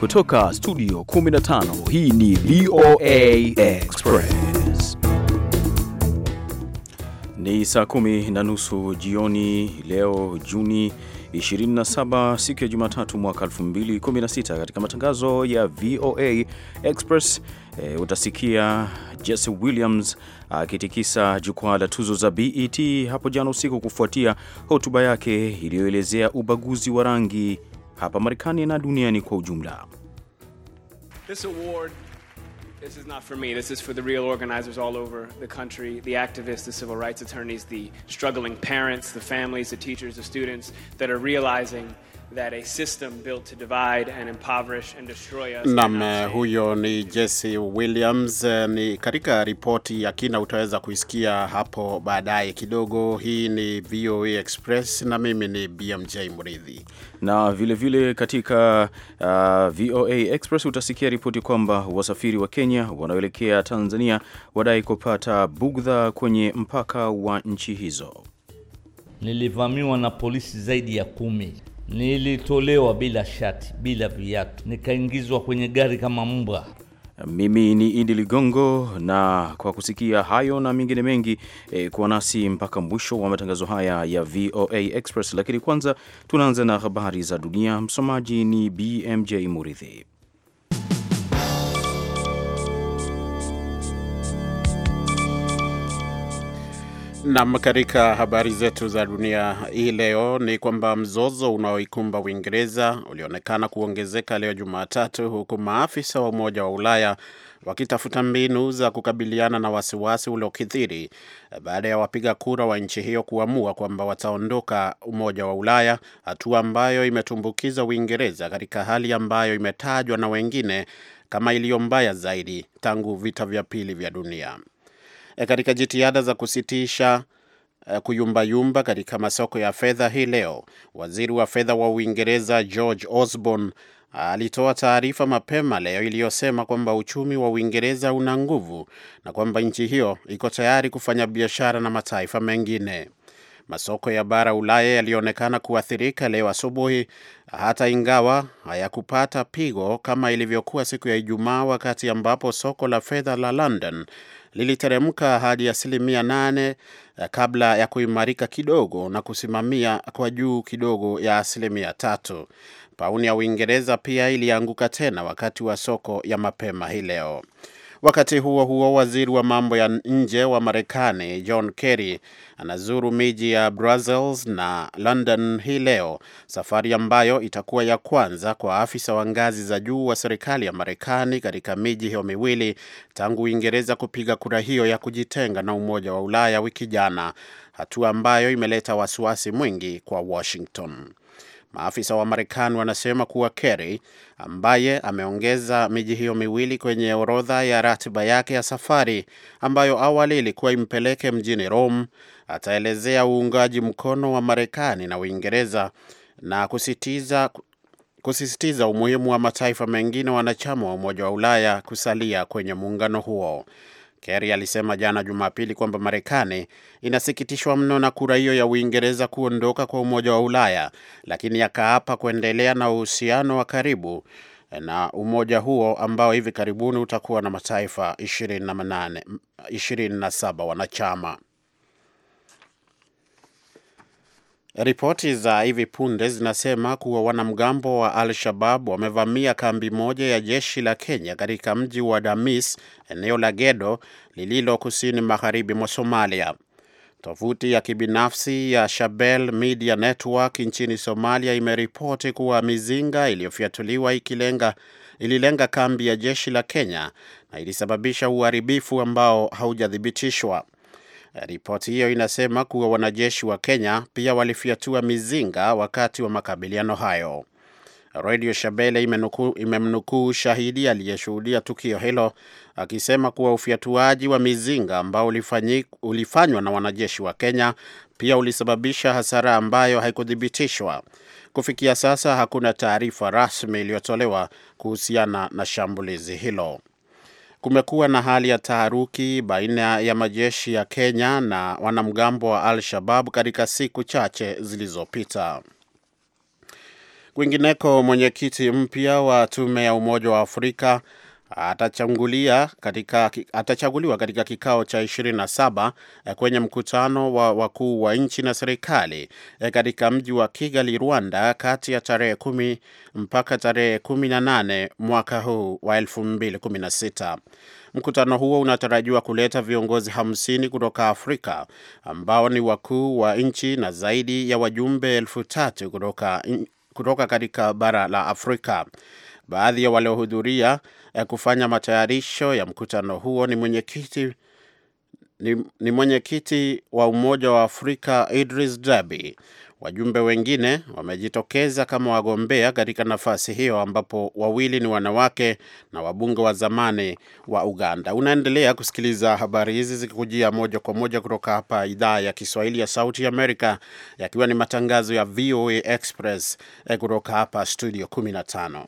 Kutoka studio 15 hii ni VOA Express. Ni saa kumi na nusu jioni leo Juni 27 siku ya Jumatatu mwaka 2016. Katika matangazo ya VOA Express e, utasikia Jesse Williams akitikisa jukwaa la tuzo za BET hapo jana usiku kufuatia hotuba yake iliyoelezea ubaguzi wa rangi hapa Marekani na duniani kwa ujumla. This award, this is not for me. This is for the real organizers all over the country, the activists, the civil rights attorneys, the struggling parents, the families, the teachers, the students that are realizing Nam, eh, huyo ni Jesse Williams. Eh, ni katika ripoti ya kina utaweza kuisikia hapo baadaye kidogo. Hii ni VOA Express na mimi ni BMJ Mridhi, na vilevile vile katika uh, ah, VOA Express utasikia ripoti kwamba wasafiri wa Kenya wanaoelekea Tanzania wadai kupata bugdha kwenye mpaka wa nchi hizo. Nilivamiwa na polisi zaidi ya kumi Nilitolewa bila shati, bila viatu, nikaingizwa kwenye gari kama mbwa. Mimi ni Idi Ligongo, na kwa kusikia hayo na mengine mengi eh, kuwa nasi mpaka mwisho wa matangazo haya ya VOA Express. Lakini kwanza tunaanza na habari za dunia. Msomaji ni BMJ Muridhi. Nam, katika habari zetu za dunia hii leo ni kwamba mzozo unaoikumba Uingereza ulionekana kuongezeka leo Jumatatu, huku maafisa wa Umoja wa Ulaya wakitafuta mbinu za kukabiliana na wasiwasi uliokithiri baada ya wapiga kura wa nchi hiyo kuamua kwamba wataondoka Umoja wa Ulaya, hatua ambayo imetumbukiza Uingereza katika hali ambayo imetajwa na wengine kama iliyo mbaya zaidi tangu vita vya pili vya dunia e, katika jitihada za kusitisha e, kuyumbayumba katika masoko ya fedha hii leo, waziri wa fedha wa Uingereza George Osborne alitoa taarifa mapema leo iliyosema kwamba uchumi wa Uingereza una nguvu na kwamba nchi hiyo iko tayari kufanya biashara na mataifa mengine. Masoko ya bara Ulaya yalionekana kuathirika leo asubuhi, hata ingawa hayakupata pigo kama ilivyokuwa siku ya Ijumaa, wakati ambapo soko la fedha la London liliteremka hadi asilimia nane eh, kabla ya kuimarika kidogo na kusimamia kwa juu kidogo ya asilimia tatu. Pauni ya Uingereza pia ilianguka tena wakati wa soko ya mapema hii leo. Wakati huo huo, waziri wa mambo ya nje wa Marekani John Kerry anazuru miji ya Brussels na London hii leo, safari ambayo itakuwa ya kwanza kwa afisa wa ngazi za juu wa serikali ya Marekani katika miji hiyo miwili tangu Uingereza kupiga kura hiyo ya kujitenga na Umoja wa Ulaya wiki jana, hatua ambayo imeleta wasiwasi mwingi kwa Washington. Maafisa wa Marekani wanasema kuwa Kerry ambaye ameongeza miji hiyo miwili kwenye orodha ya ratiba yake ya safari ambayo awali ilikuwa impeleke mjini Rome, ataelezea uungaji mkono wa Marekani na Uingereza na kusisitiza kusisitiza umuhimu wa mataifa mengine wanachama wa Umoja wa Ulaya kusalia kwenye muungano huo. Kerry alisema jana Jumapili kwamba Marekani inasikitishwa mno na kura hiyo ya Uingereza kuondoka kwa Umoja wa Ulaya, lakini akaapa kuendelea na uhusiano wa karibu na umoja huo ambao hivi karibuni utakuwa na mataifa 27 wanachama. Ripoti za hivi punde zinasema kuwa wanamgambo wa Al-Shabab wamevamia kambi moja ya jeshi la Kenya katika mji wa Damis, eneo la Gedo lililo kusini magharibi mwa Somalia. Tovuti ya kibinafsi ya Shabel Media Network nchini Somalia imeripoti kuwa mizinga iliyofyatuliwa ikilenga ililenga kambi ya jeshi la Kenya na ilisababisha uharibifu ambao haujathibitishwa. Ripoti hiyo inasema kuwa wanajeshi wa Kenya pia walifyatua mizinga wakati wa makabiliano hayo. Redio Shabele imemnukuu shahidi aliyeshuhudia tukio hilo akisema kuwa ufyatuaji wa mizinga ambao ulifanywa na wanajeshi wa Kenya pia ulisababisha hasara ambayo haikuthibitishwa. Kufikia sasa hakuna taarifa rasmi iliyotolewa kuhusiana na shambulizi hilo. Kumekuwa na hali ya taharuki baina ya majeshi ya Kenya na wanamgambo wa Al-Shabab katika siku chache zilizopita. Kwingineko, mwenyekiti mpya wa tume ya Umoja wa Afrika atachaguliwa katika, katika kikao cha 27 eh, kwenye mkutano wa wakuu wa nchi na serikali eh, katika mji wa Kigali, Rwanda, kati ya tarehe kumi mpaka tarehe 18 mwaka huu wa 2016. Mkutano huo unatarajiwa kuleta viongozi hamsini kutoka Afrika ambao ni wakuu wa nchi na zaidi ya wajumbe elfu tatu kutoka, kutoka katika bara la Afrika. Baadhi ya waliohudhuria eh, kufanya matayarisho ya mkutano huo ni mwenyekiti ni, ni mwenyekiti wa Umoja wa Afrika Idris Deby. Wajumbe wengine wamejitokeza kama wagombea katika nafasi hiyo ambapo wawili ni wanawake na wabunge wa zamani wa Uganda. Unaendelea kusikiliza habari hizi zikikujia moja kwa moja kutoka hapa idhaa ya Kiswahili ya Sauti Amerika, yakiwa ni matangazo ya VOA Express eh, kutoka hapa studio 15.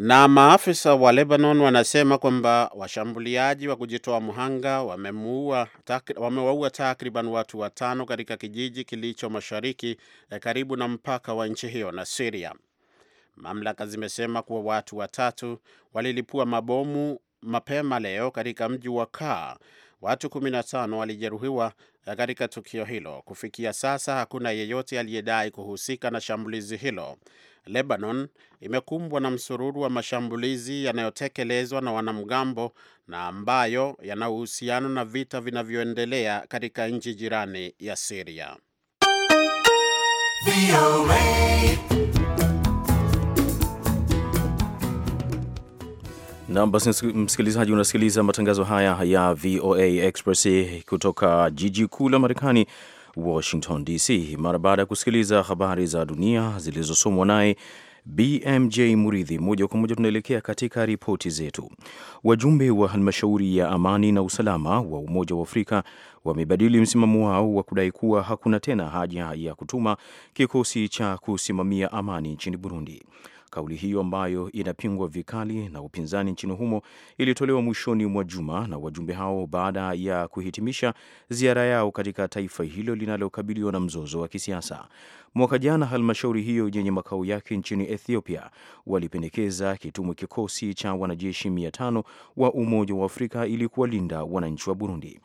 Na maafisa wa Lebanon wanasema kwamba washambuliaji wa kujitoa mhanga wamewaua takriban watu watano katika kijiji kilicho mashariki eh, karibu na mpaka wa nchi hiyo na Syria. Mamlaka zimesema kuwa watu watatu walilipua mabomu mapema leo katika mji wa Kaa. Watu 15 walijeruhiwa eh, katika tukio hilo. Kufikia sasa hakuna yeyote aliyedai kuhusika na shambulizi hilo. Lebanon imekumbwa na msururu wa mashambulizi yanayotekelezwa na wanamgambo na ambayo yana uhusiano na vita vinavyoendelea katika nchi jirani ya Syria. Nam, basi msikilizaji, unasikiliza matangazo haya ya VOA Express kutoka jiji kuu la Marekani Washington DC, mara baada ya kusikiliza habari za dunia zilizosomwa naye BMJ Muridhi. Moja kwa moja tunaelekea katika ripoti zetu. Wajumbe wa halmashauri ya amani na usalama wa Umoja wa Afrika wamebadili msimamo wao wa kudai kuwa hakuna tena haja ya kutuma kikosi cha kusimamia amani nchini Burundi. Kauli hiyo ambayo inapingwa vikali na upinzani nchini humo ilitolewa mwishoni mwa juma na wajumbe hao baada ya kuhitimisha ziara yao katika taifa hilo linalokabiliwa na mzozo wa kisiasa. Mwaka jana, halmashauri hiyo yenye makao yake nchini Ethiopia walipendekeza kitumwe kikosi cha wanajeshi mia tano wa Umoja wa Afrika ili kuwalinda wananchi wa Burundi.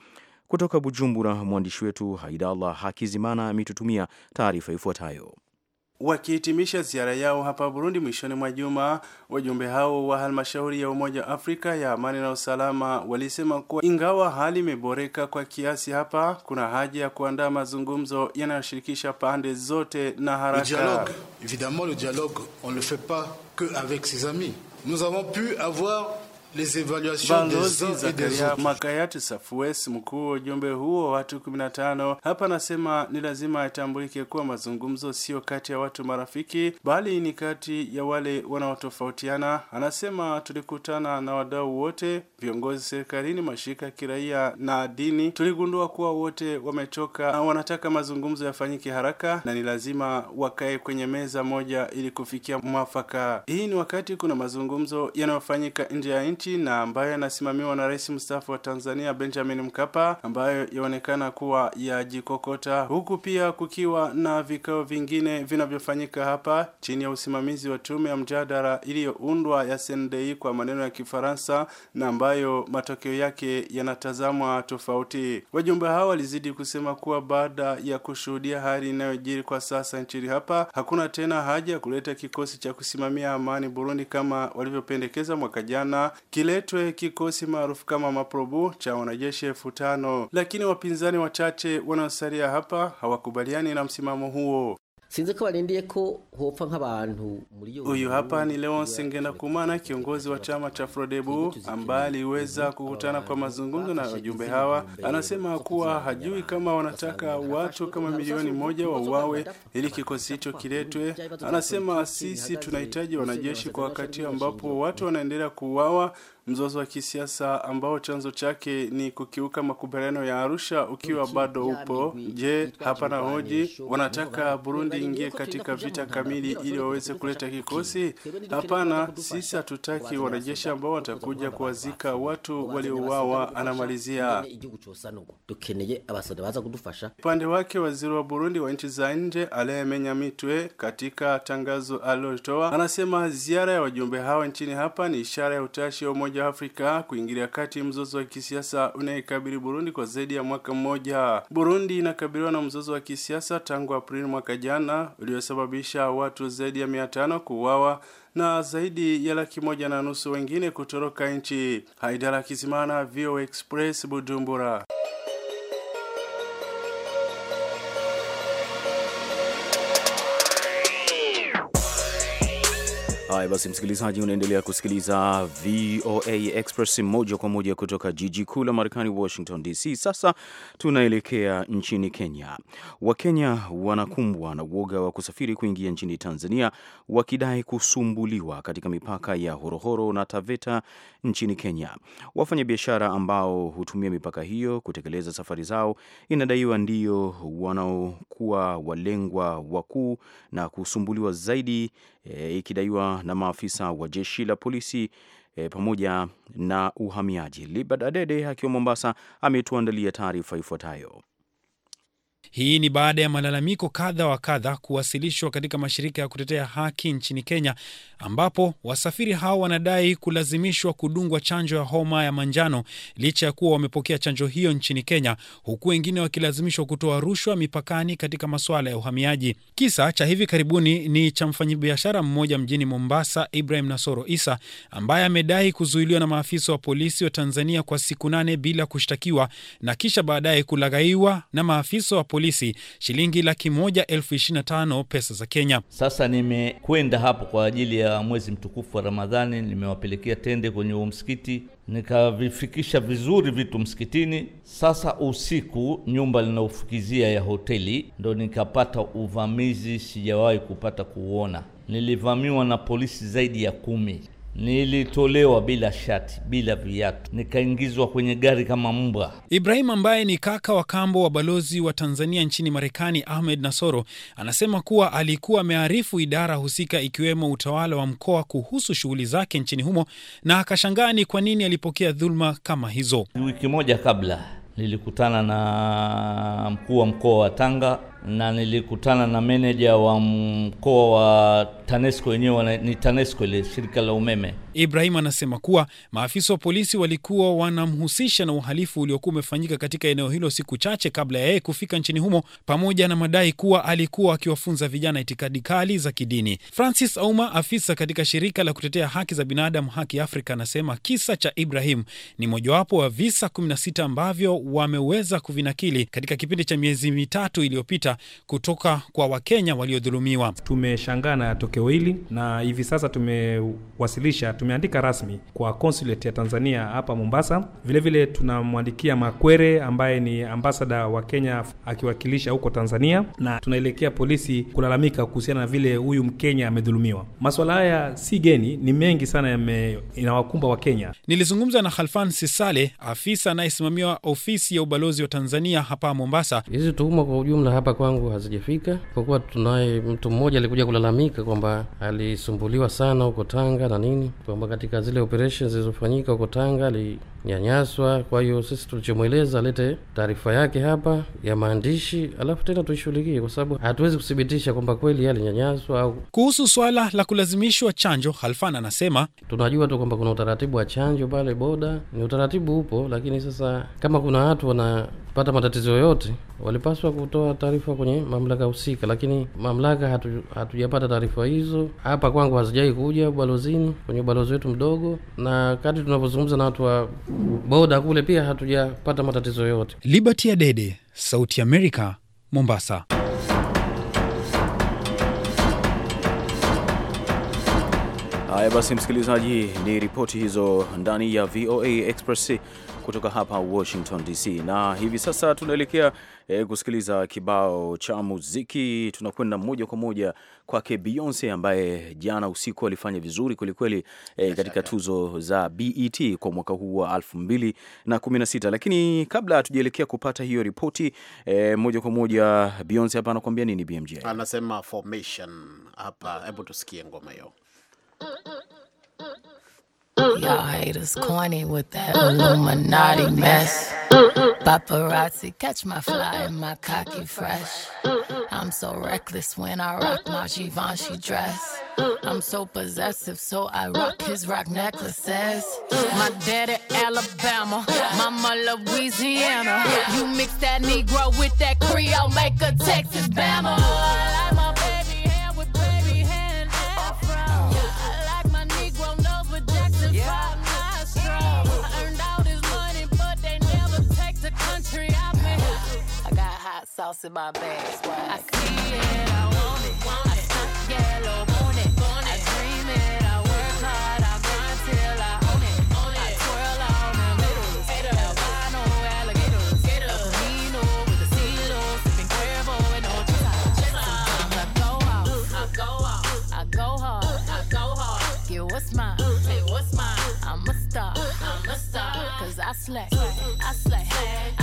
Kutoka Bujumbura, mwandishi wetu Haidallah Hakizimana ametutumia taarifa ifuatayo wakihitimisha ziara yao hapa Burundi mwishoni mwa juma. Wajumbe hao wa halmashauri ya Umoja wa Afrika ya amani na usalama walisema kuwa ingawa hali imeboreka kwa kiasi hapa, kuna haja ya kuandaa mazungumzo yanayoshirikisha pande zote na haraka. dialogue, évidemment le dialogue on le fait pas que avec ses amis. Nous avons pu avoir Les évaluations Balozi des Zakaria Makayati Safues, mkuu wa ujumbe huo watu tano hapa, anasema ni lazima itambulike kuwa mazungumzo sio kati ya watu marafiki, bali ni kati ya wale wanaotofautiana. Anasema tulikutana na wadau wote, viongozi serikalini, mashirika ya kiraia na dini. Tuligundua kuwa wote wamechoka na wanataka mazungumzo yafanyike haraka, na ni lazima wakae kwenye meza moja ili kufikia mwafaka. Hii ni wakati kuna mazungumzo yanayofanyika nje ya nchi nchi na ambayo yanasimamiwa na rais mstaafu wa Tanzania Benjamin Mkapa, ambayo yaonekana kuwa ya jikokota, huku pia kukiwa na vikao vingine vinavyofanyika hapa chini ya usimamizi wa tume ya mjadala iliyoundwa ya SNDI kwa maneno ya Kifaransa na ambayo matokeo yake yanatazamwa tofauti. Wajumbe hao walizidi kusema kuwa baada ya kushuhudia hali inayojiri kwa sasa nchini hapa, hakuna tena haja ya kuleta kikosi cha kusimamia amani Burundi kama walivyopendekeza mwaka jana, kiletwe kikosi maarufu kama maprobu cha wanajeshi elfu tano lakini wapinzani wachache wanaosalia hapa hawakubaliani na msimamo huo sinzi kwa barindiye ko hofa nk'abantu muri yo Huyu hapa ni Leonce Kumana, kiongozi wa chama cha Frodebu ambaye aliweza kukutana kwa mazungumzo na wajumbe hawa, anasema kuwa hajui kama wanataka watu kama milioni moja wauawe ili kikosi hicho kiletwe. Anasema sisi tunahitaji wanajeshi kwa wakati ambapo watu wanaendelea kuuawa mzozo wa kisiasa ambao chanzo chake ni kukiuka makubaliano ya Arusha ukiwa bado upo. Je, hapana hoji wanataka Burundi ingie katika vita kamili ili waweze kuleta kikosi? Hapana, sisi hatutaki wanajeshi ambao watakuja kuwazika watu waliouawa, anamalizia. Upande wake waziri wa Burundi wa nchi za nje Aliyemenya Mitwe katika tangazo alilotoa anasema ziara ya wajumbe hawa nchini hapa ni ishara ya utashi wa umoja Umoja wa Afrika kuingilia kati mzozo wa kisiasa unaikabili Burundi kwa zaidi ya mwaka mmoja. Burundi inakabiliwa na mzozo wa kisiasa tangu Aprili mwaka jana uliosababisha watu zaidi ya mia tano kuuawa na zaidi ya laki moja na nusu wengine kutoroka nchi. Haidara Kizimana, VOA Express, Bujumbura. Haya basi, msikilizaji, unaendelea kusikiliza VOA Express moja kwa moja kutoka jiji kuu la Marekani, Washington DC. Sasa tunaelekea nchini Kenya. Wakenya wanakumbwa na uoga wa kusafiri kuingia nchini Tanzania wakidai kusumbuliwa katika mipaka ya Horohoro na Taveta nchini Kenya. Wafanyabiashara ambao hutumia mipaka hiyo kutekeleza safari zao inadaiwa ndio wanaokuwa walengwa wakuu na kusumbuliwa zaidi, e, ikidaiwa na maafisa wa jeshi la polisi e, pamoja na uhamiaji. Libert Adede akiwa Mombasa ametuandalia taarifa ifuatayo. Hii ni baada ya malalamiko kadha wa kadha kuwasilishwa katika mashirika ya kutetea haki nchini Kenya, ambapo wasafiri hao wanadai kulazimishwa kudungwa chanjo ya homa ya manjano licha ya kuwa wamepokea chanjo hiyo nchini Kenya, huku wengine wakilazimishwa kutoa rushwa mipakani katika masuala ya uhamiaji. Kisa cha hivi karibuni ni cha mfanyabiashara mmoja mjini Mombasa, Ibrahim Nasoro Isa, ambaye amedai kuzuiliwa na maafisa wa polisi wa Tanzania kwa siku nane bila kushtakiwa na kisha baadaye kulaghaiwa na maafisa wa polisi polisi shilingi laki moja elfu ishirini na tano pesa za Kenya. Sasa nimekwenda hapo kwa ajili ya mwezi mtukufu wa Ramadhani, nimewapelekea tende kwenye huo msikiti, nikavifikisha vizuri vitu msikitini. Sasa usiku, nyumba linaofukizia ya hoteli ndo nikapata uvamizi, sijawahi kupata kuuona. Nilivamiwa na polisi zaidi ya kumi. Nilitolewa bila shati, bila viatu, nikaingizwa kwenye gari kama mbwa. ibrahimu ambaye ni kaka wa kambo wa balozi wa Tanzania nchini Marekani Ahmed Nasoro anasema kuwa alikuwa amearifu idara husika ikiwemo utawala wa mkoa kuhusu shughuli zake nchini humo, na akashangaa ni kwa nini alipokea dhuluma kama hizo. Wiki moja kabla nilikutana na mkuu wa mkoa wa Tanga na nilikutana na meneja wa mkoa wa TANESCO wenyewe ni TANESCO ile shirika la umeme. Ibrahim anasema kuwa maafisa wa polisi walikuwa wanamhusisha na uhalifu uliokuwa umefanyika katika eneo hilo siku chache kabla ya yeye kufika nchini humo, pamoja na madai kuwa alikuwa akiwafunza vijana itikadi kali za kidini. Francis Auma, afisa katika shirika la kutetea haki za binadamu Haki Afrika, anasema kisa cha Ibrahim ni mojawapo wa visa 16 ambavyo wameweza kuvinakili katika kipindi cha miezi mitatu iliyopita kutoka kwa Wakenya waliodhulumiwa. Tumeshangaa na tokeo hili na hivi sasa tumewasilisha, tumeandika rasmi kwa konsulate ya Tanzania hapa Mombasa. Vilevile tunamwandikia Makwere ambaye ni ambasada wa Kenya akiwakilisha huko Tanzania, na tunaelekea polisi kulalamika kuhusiana na vile huyu Mkenya amedhulumiwa. Maswala haya si geni, ni mengi sana inawakumba Wakenya. Nilizungumza na halfan Sisale, afisa anayesimamiwa ofisi ya ubalozi wa Tanzania hapa Mombasa. Hizi tuhuma kwa ujumla hapa kwangu hazijafika, kwa kuwa tunaye mtu mmoja alikuja kulalamika kwamba alisumbuliwa sana huko Tanga na nini, kwamba katika zile operations zilizofanyika huko Tanga alinyanyaswa. Kwa hiyo sisi tulichomweleza alete taarifa yake hapa ya maandishi, alafu tena tuishughulikie, kwa sababu hatuwezi kuthibitisha kwamba kweli alinyanyaswa au. Kuhusu swala la kulazimishwa chanjo, Halfan anasema tunajua tu kwamba kuna utaratibu wa chanjo pale boda, ni utaratibu upo, lakini sasa kama kuna watu wanapata matatizo yoyote, walipaswa kutoa taarifa ziko kwenye mamlaka husika, lakini mamlaka hatujapata hatu taarifa hizo. Hapa kwangu hazijai kuja ubalozini, kwenye ubalozi wetu mdogo, na kati tunavyozungumza na watu wa boda kule pia hatujapata matatizo yote Liberty Adede, Sauti america Mombasa. Haya basi, msikilizaji, ni ripoti hizo ndani ya VOA Express kutoka hapa Washington DC, na hivi sasa tunaelekea eh, kusikiliza kibao cha muziki. Tunakwenda moja kwa moja kwake Beyonce ambaye jana usiku alifanya vizuri kwelikweli eh, katika tuzo za BET kwa mwaka huu wa 2016. Lakini kabla hatujaelekea kupata hiyo ripoti eh, moja kwa moja Beyonce hapa anakuambia nini BMJ? Anasema formation hapa, hebu tusikie ngoma hiyo. Y'all haters corny with that Illuminati mess. Paparazzi, catch my fly and my cocky fresh. I'm so reckless when I rock my Givenchy dress. I'm so possessive, so I rock his rock necklaces. My daddy, Alabama. Mama, Louisiana. You mix that Negro with that Creole, make a Texas Bama. sauce in my bag. I see it, I want it. I want it. I dream it, I work hard, I grind till I own it. I twirl on the alligators. A with a I go I go I go hard. I go hard. Get what's mine. what's mine? I'm a star. I'm a I slay. I slay.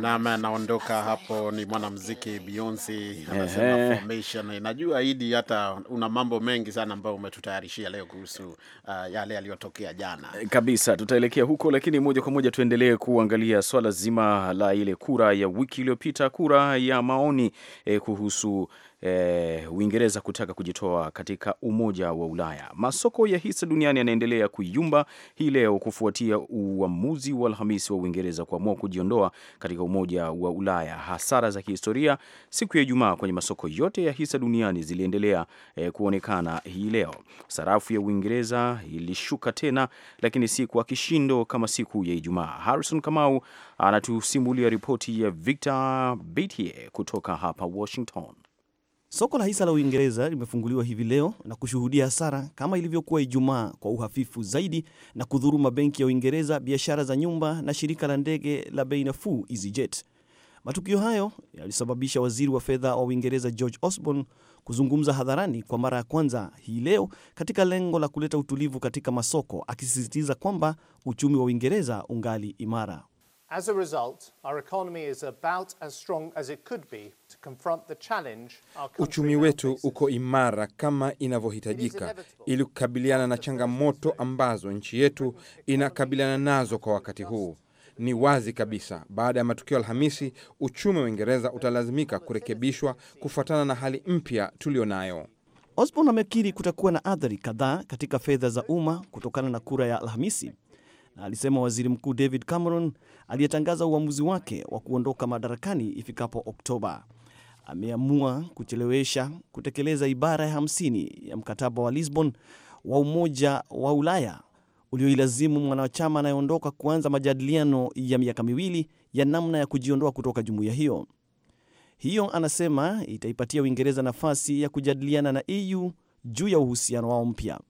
Nam anaondoka hapo, ni mwanamziki Beyonce anasema formation. Najua Idi, hata una mambo mengi sana ambayo umetutayarishia leo kuhusu uh, yale yaliyotokea jana kabisa. Tutaelekea huko, lakini moja kwa moja tuendelee kuangalia swala zima la ile kura ya wiki iliyopita, kura ya maoni eh, kuhusu eh, Uingereza kutaka kujitoa katika Umoja wa Ulaya. Masoko ya hisa duniani yanaendelea kuyumba hii leo kufuatia uamuzi wa Alhamisi wa Uingereza kuamua kujiondoa katika Umoja wa Ulaya. Hasara za kihistoria siku ya Ijumaa kwenye masoko yote ya hisa duniani ziliendelea e, kuonekana hii leo. Sarafu ya Uingereza ilishuka tena, lakini si kwa kishindo kama siku ya Ijumaa. Harrison Kamau anatusimulia ripoti ya Victor Betie kutoka hapa Washington. Soko la hisa la Uingereza limefunguliwa hivi leo na kushuhudia hasara kama ilivyokuwa Ijumaa kwa uhafifu zaidi na kudhuru mabenki ya Uingereza, biashara za nyumba na shirika la ndege la bei nafuu EasyJet. Matukio hayo yalisababisha waziri wa fedha wa Uingereza George Osborne kuzungumza hadharani kwa mara ya kwanza hii leo katika lengo la kuleta utulivu katika masoko, akisisitiza kwamba uchumi wa Uingereza ungali imara. As a result, our economy is about as strong as it could be to confront the challenge our Uchumi wetu uko imara kama inavyohitajika ili kukabiliana na changamoto ambazo nchi yetu inakabiliana nazo kwa wakati huu. Ni wazi kabisa, baada ya matukio Alhamisi, uchumi wa Uingereza utalazimika kurekebishwa kufuatana na hali mpya tuliyonayo. Osborne amekiri kutakuwa na athari kadhaa katika fedha za umma kutokana na kura ya Alhamisi alisema waziri mkuu David Cameron aliyetangaza uamuzi wake wa kuondoka madarakani ifikapo Oktoba ameamua kuchelewesha kutekeleza ibara ya 50 ya mkataba wa Lisbon wa Umoja wa Ulaya ulioilazimu mwanachama anayeondoka kuanza majadiliano ya miaka miwili ya namna ya kujiondoa kutoka jumuiya hiyo. Hiyo anasema itaipatia Uingereza nafasi ya kujadiliana na EU juu ya uhusiano wao mpya.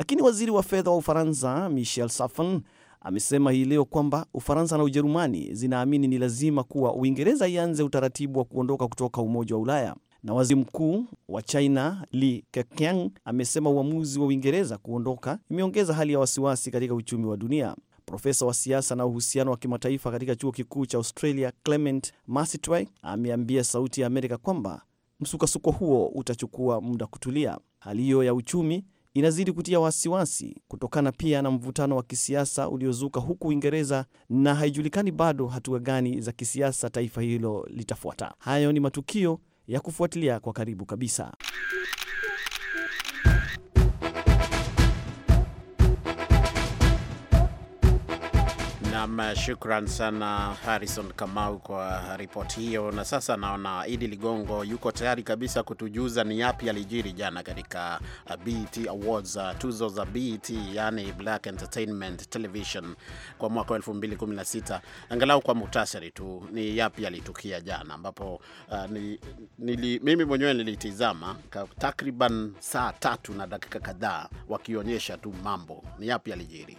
Lakini waziri wa fedha wa Ufaransa Michel safn amesema hii leo kwamba Ufaransa na Ujerumani zinaamini ni lazima kuwa Uingereza ianze utaratibu wa kuondoka kutoka Umoja wa Ulaya. Na waziri mkuu wa China Li Keqiang amesema uamuzi wa Uingereza kuondoka imeongeza hali ya wasiwasi katika uchumi wa dunia. Profesa wa siasa na uhusiano wa kimataifa katika chuo kikuu cha Australia Clement masitwy ameambia Sauti ya Amerika kwamba msukasuko huo utachukua muda kutulia. Hali hiyo ya uchumi inazidi kutia wasiwasi kutokana pia na mvutano wa kisiasa uliozuka huku Uingereza, na haijulikani bado hatua gani za kisiasa taifa hilo litafuata. Hayo ni matukio ya kufuatilia kwa karibu kabisa. Nam, shukran sana Harrison Kamau kwa ripoti hiyo. Na sasa naona Idi Ligongo yuko tayari kabisa kutujuza ni yapi alijiri jana katika uh, BET Awards, uh, tuzo za BET yani Black Entertainment Television kwa mwaka 2016. Angalau kwa muhtasari tu ni yapi alitukia jana, ambapo uh, ni, nili, mimi mwenyewe nilitizama takriban saa tatu na dakika kadhaa wakionyesha tu mambo ni yapi alijiri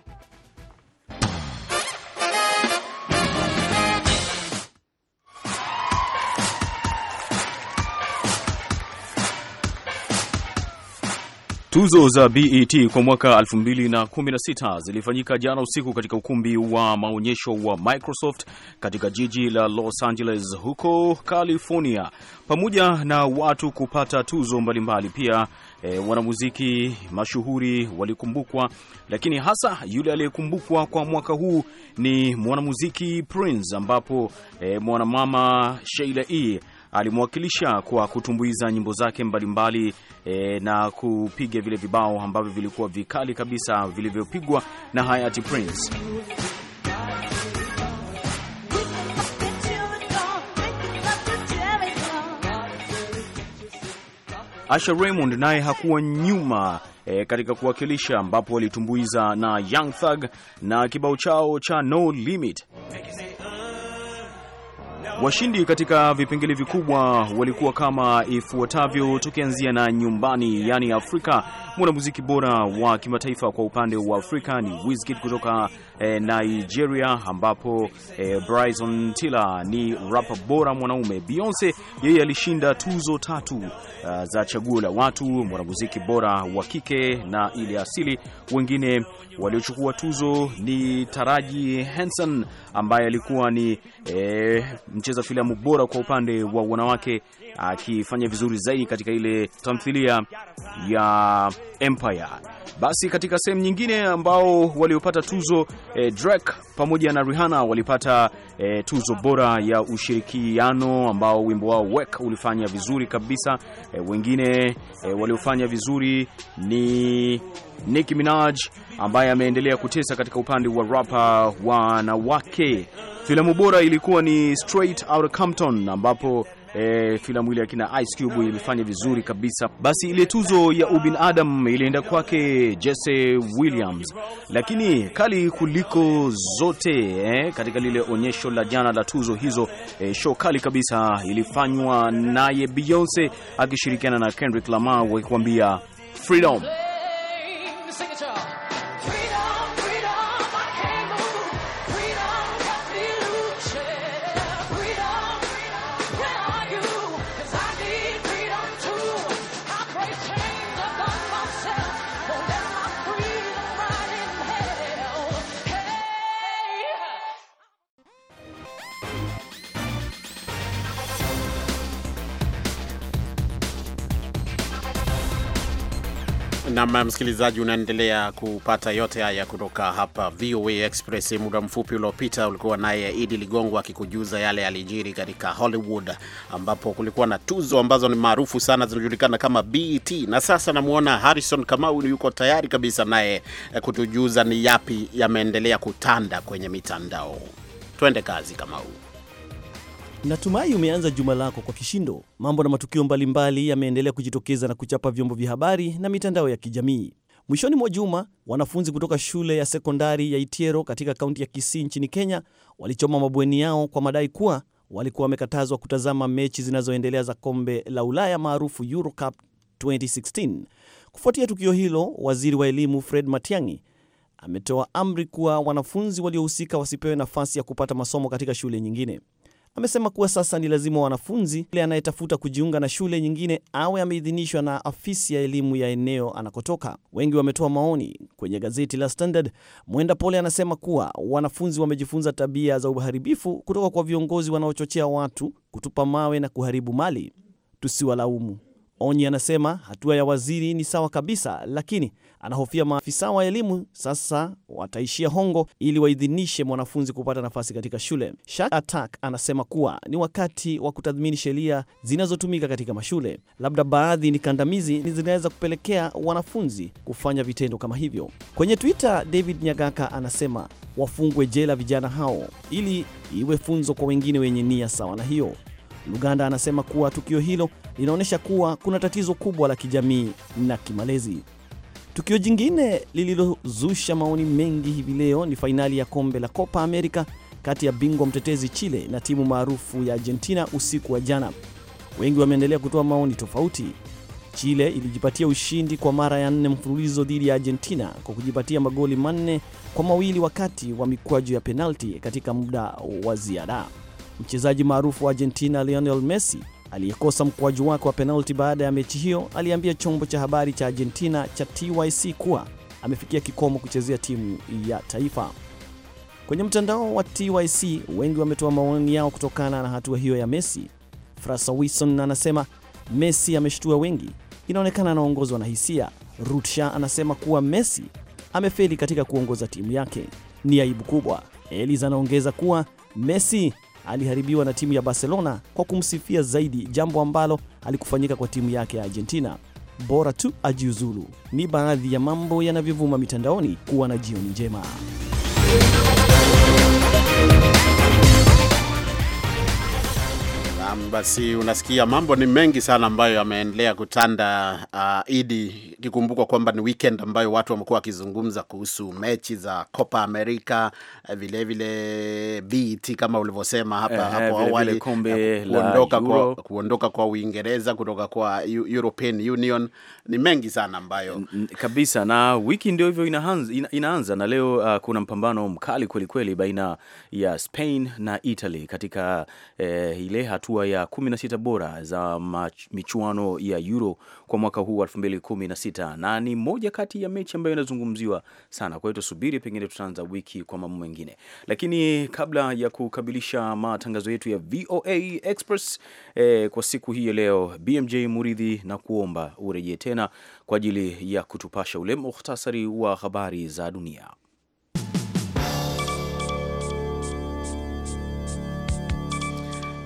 Tuzo za BET kwa mwaka 2016 zilifanyika jana usiku katika ukumbi wa maonyesho wa Microsoft katika jiji la Los Angeles huko California. Pamoja na watu kupata tuzo mbalimbali mbali, pia e, wanamuziki mashuhuri walikumbukwa, lakini hasa yule aliyekumbukwa kwa mwaka huu ni mwanamuziki Prince, ambapo e, mwanamama Sheila E alimwakilisha kwa kutumbuiza nyimbo zake mbalimbali mbali, e, na kupiga vile vibao ambavyo vilikuwa vikali kabisa vilivyopigwa na hayati Prince. Asha Raymond naye hakuwa nyuma e, katika kuwakilisha ambapo walitumbuiza na Young Thug na kibao chao cha No Limit. Washindi katika vipengele vikubwa walikuwa kama ifuatavyo, tukianzia na nyumbani, yani Afrika. Mwanamuziki bora wa kimataifa kwa upande wa Afrika ni Wizkid kutoka eh, Nigeria, ambapo eh, Bryson Tiller ni rapa bora mwanaume. Beyonce yeye alishinda tuzo tatu uh, za chaguo la watu, mwanamuziki bora wa kike na ile asili. Wengine waliochukua tuzo ni Taraji Henson ambaye alikuwa ni eh, mcheza filamu bora kwa upande wa wanawake, akifanya vizuri zaidi katika ile tamthilia ya Empire. Basi katika sehemu nyingine, ambao waliopata tuzo eh, Drake pamoja na Rihanna walipata eh, tuzo bora ya ushirikiano, ambao wimbo wao Work ulifanya vizuri kabisa. Eh, wengine eh, waliofanya vizuri ni Nicki Minaj ambaye ameendelea kutesa katika upande wa rapa wanawake. Filamu bora ilikuwa ni Straight Outta Compton ambapo E, filamu ile akina Ice Cube ilifanya vizuri kabisa. Basi ile tuzo ya ubinadam ilienda kwake Jesse Williams, lakini kali kuliko zote eh, katika lile onyesho la jana la tuzo hizo eh, show kali kabisa ilifanywa naye Beyonce akishirikiana na Kendrick Lamar wakikwambia Freedom. sing it, church. Nam msikilizaji, unaendelea kupata yote haya kutoka hapa VOA Express. Muda mfupi uliopita ulikuwa naye Idi Ligongo akikujuza yale yalijiri katika Hollywood, ambapo kulikuwa na tuzo ambazo ni maarufu sana zinajulikana kama BET, na sasa namwona Harrison Kamau yuko tayari kabisa naye kutujuza ni yapi yameendelea kutanda kwenye mitandao. Twende kazi, Kamau. Natumai umeanza juma lako kwa kishindo. Mambo na matukio mbalimbali yameendelea kujitokeza na kuchapa vyombo vya habari na mitandao ya kijamii. Mwishoni mwa juma, wanafunzi kutoka shule ya sekondari ya Itiero katika kaunti ya Kisii nchini Kenya walichoma mabweni yao kwa madai kuwa walikuwa wamekatazwa kutazama mechi zinazoendelea za kombe la Ulaya maarufu Euro 2016. Kufuatia tukio hilo, waziri wa elimu Fred Matiang'i ametoa amri kuwa wanafunzi waliohusika wasipewe nafasi ya kupata masomo katika shule nyingine. Amesema kuwa sasa ni lazima wanafunzi ile anayetafuta kujiunga na shule nyingine awe ameidhinishwa na afisi ya elimu ya eneo anakotoka. Wengi wametoa maoni kwenye gazeti la Standard. Mwenda Pole anasema kuwa wanafunzi wamejifunza tabia za uharibifu kutoka kwa viongozi wanaochochea watu kutupa mawe na kuharibu mali, tusiwalaumu. Onyi anasema hatua ya waziri ni sawa kabisa, lakini Anahofia maafisa wa elimu sasa wataishia hongo ili waidhinishe mwanafunzi kupata nafasi katika shule. Shak Atak anasema kuwa ni wakati wa kutathmini sheria zinazotumika katika mashule, labda baadhi ni kandamizi zinaweza kupelekea wanafunzi kufanya vitendo kama hivyo. Kwenye Twitter, David Nyagaka anasema wafungwe jela vijana hao ili iwe funzo kwa wengine wenye nia sawa na hiyo. Luganda anasema kuwa tukio hilo linaonyesha kuwa kuna tatizo kubwa la kijamii na kimalezi. Tukio jingine lililozusha maoni mengi hivi leo ni fainali ya kombe la Copa America kati ya bingwa mtetezi Chile na timu maarufu ya Argentina usiku wa jana. Wengi wameendelea kutoa maoni tofauti. Chile ilijipatia ushindi kwa mara ya nne mfululizo dhidi ya Argentina kwa kujipatia magoli manne kwa mawili wakati wa mikwaju ya penalti katika muda wa ziada. Mchezaji maarufu wa Argentina Lionel Messi aliyekosa mkwaju wake wa penalti baada ya mechi hiyo aliambia chombo cha habari cha Argentina cha TYC kuwa amefikia kikomo kuchezea timu ya taifa. Kwenye mtandao wa TYC wengi wametoa maoni yao kutokana na hatua hiyo ya Messi. Frasa Wilson anasema Messi ameshtua wengi, inaonekana anaongozwa na hisia. Rutsha anasema kuwa Messi amefeli katika kuongoza timu yake, ni aibu kubwa. Eliza anaongeza kuwa Messi aliharibiwa na timu ya Barcelona kwa kumsifia zaidi, jambo ambalo alikufanyika kwa timu yake ya Argentina. Bora tu ajiuzulu. Ni baadhi ya mambo yanavyovuma mitandaoni. Kuwa na jioni njema. Naam, basi unasikia mambo ni mengi sana ambayo yameendelea kutanda. Uh, idi kikumbukwa kwamba ni weekend ambayo watu wamekuwa wakizungumza kuhusu mechi za Copa America, eh, vilevile bt kama ulivyosema hapa eh, hapo awali, kuondoka kwa, kuondoka kwa Uingereza kutoka kwa European Union. Ni mengi sana ambayo kabisa, na wiki ndio hivyo inaanza, inaanza na leo uh, kuna mpambano mkali kwelikweli baina ya Spain na Italy katika uh, ile hatua hatua ya 16 bora za michuano ya Euro kwa mwaka huu 2016 na ni moja kati ya mechi ambayo inazungumziwa sana. Kwa hiyo tusubiri, pengine tutaanza wiki kwa mambo mengine, lakini kabla ya kukabilisha matangazo yetu ya VOA Express eh, kwa siku hii ya leo, BMJ Muridhi na kuomba urejee tena kwa ajili ya kutupasha ule muhtasari wa habari za dunia.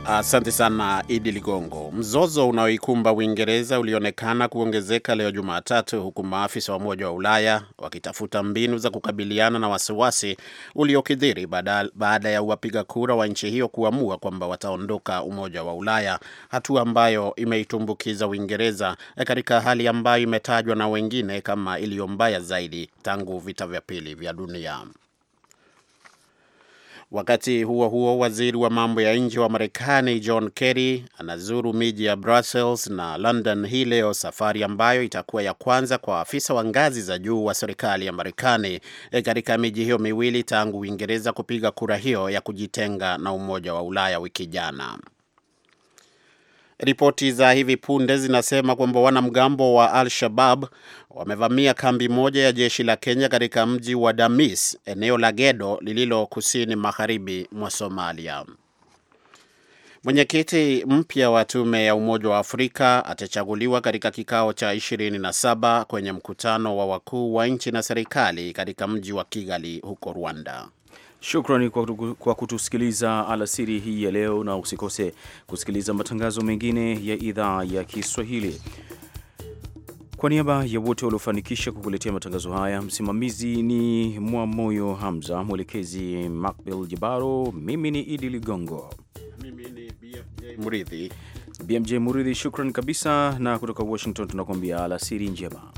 Asante sana Idi Ligongo. Mzozo unaoikumba Uingereza ulionekana kuongezeka leo Jumatatu, huku maafisa wa Umoja wa Ulaya wakitafuta mbinu za kukabiliana na wasiwasi uliokithiri baada ya wapiga kura wa nchi hiyo kuamua kwamba wataondoka Umoja wa Ulaya, hatua ambayo imeitumbukiza Uingereza eh, katika hali ambayo imetajwa na wengine kama iliyo mbaya zaidi tangu vita vya pili vya dunia. Wakati huo huo, waziri wa mambo ya nje wa Marekani John Kerry anazuru miji ya Brussels na London hii leo, safari ambayo itakuwa ya kwanza kwa afisa wa ngazi za juu wa serikali ya Marekani eh, katika miji hiyo miwili tangu Uingereza kupiga kura hiyo ya kujitenga na Umoja wa Ulaya wiki jana. Ripoti za hivi punde zinasema kwamba wanamgambo wa Al-Shabab wamevamia kambi moja ya jeshi la Kenya katika mji wa Damis, eneo la Gedo lililo kusini magharibi mwa Somalia. Mwenyekiti mpya wa tume ya Umoja wa Afrika atachaguliwa katika kikao cha 27 kwenye mkutano wa wakuu wa nchi na serikali katika mji wa Kigali huko Rwanda. Shukrani kwa kutusikiliza alasiri hii ya leo, na usikose kusikiliza matangazo mengine ya idhaa ya Kiswahili. Kwa niaba ya wote waliofanikisha kukuletea matangazo haya, msimamizi ni Mwamoyo Hamza, mwelekezi Macbel Jabaro, mimi ni Idi Ligongo, mimi ni BMJ Muridhi. BMJ Muridhi, shukran kabisa, na kutoka Washington tunakuambia alasiri njema.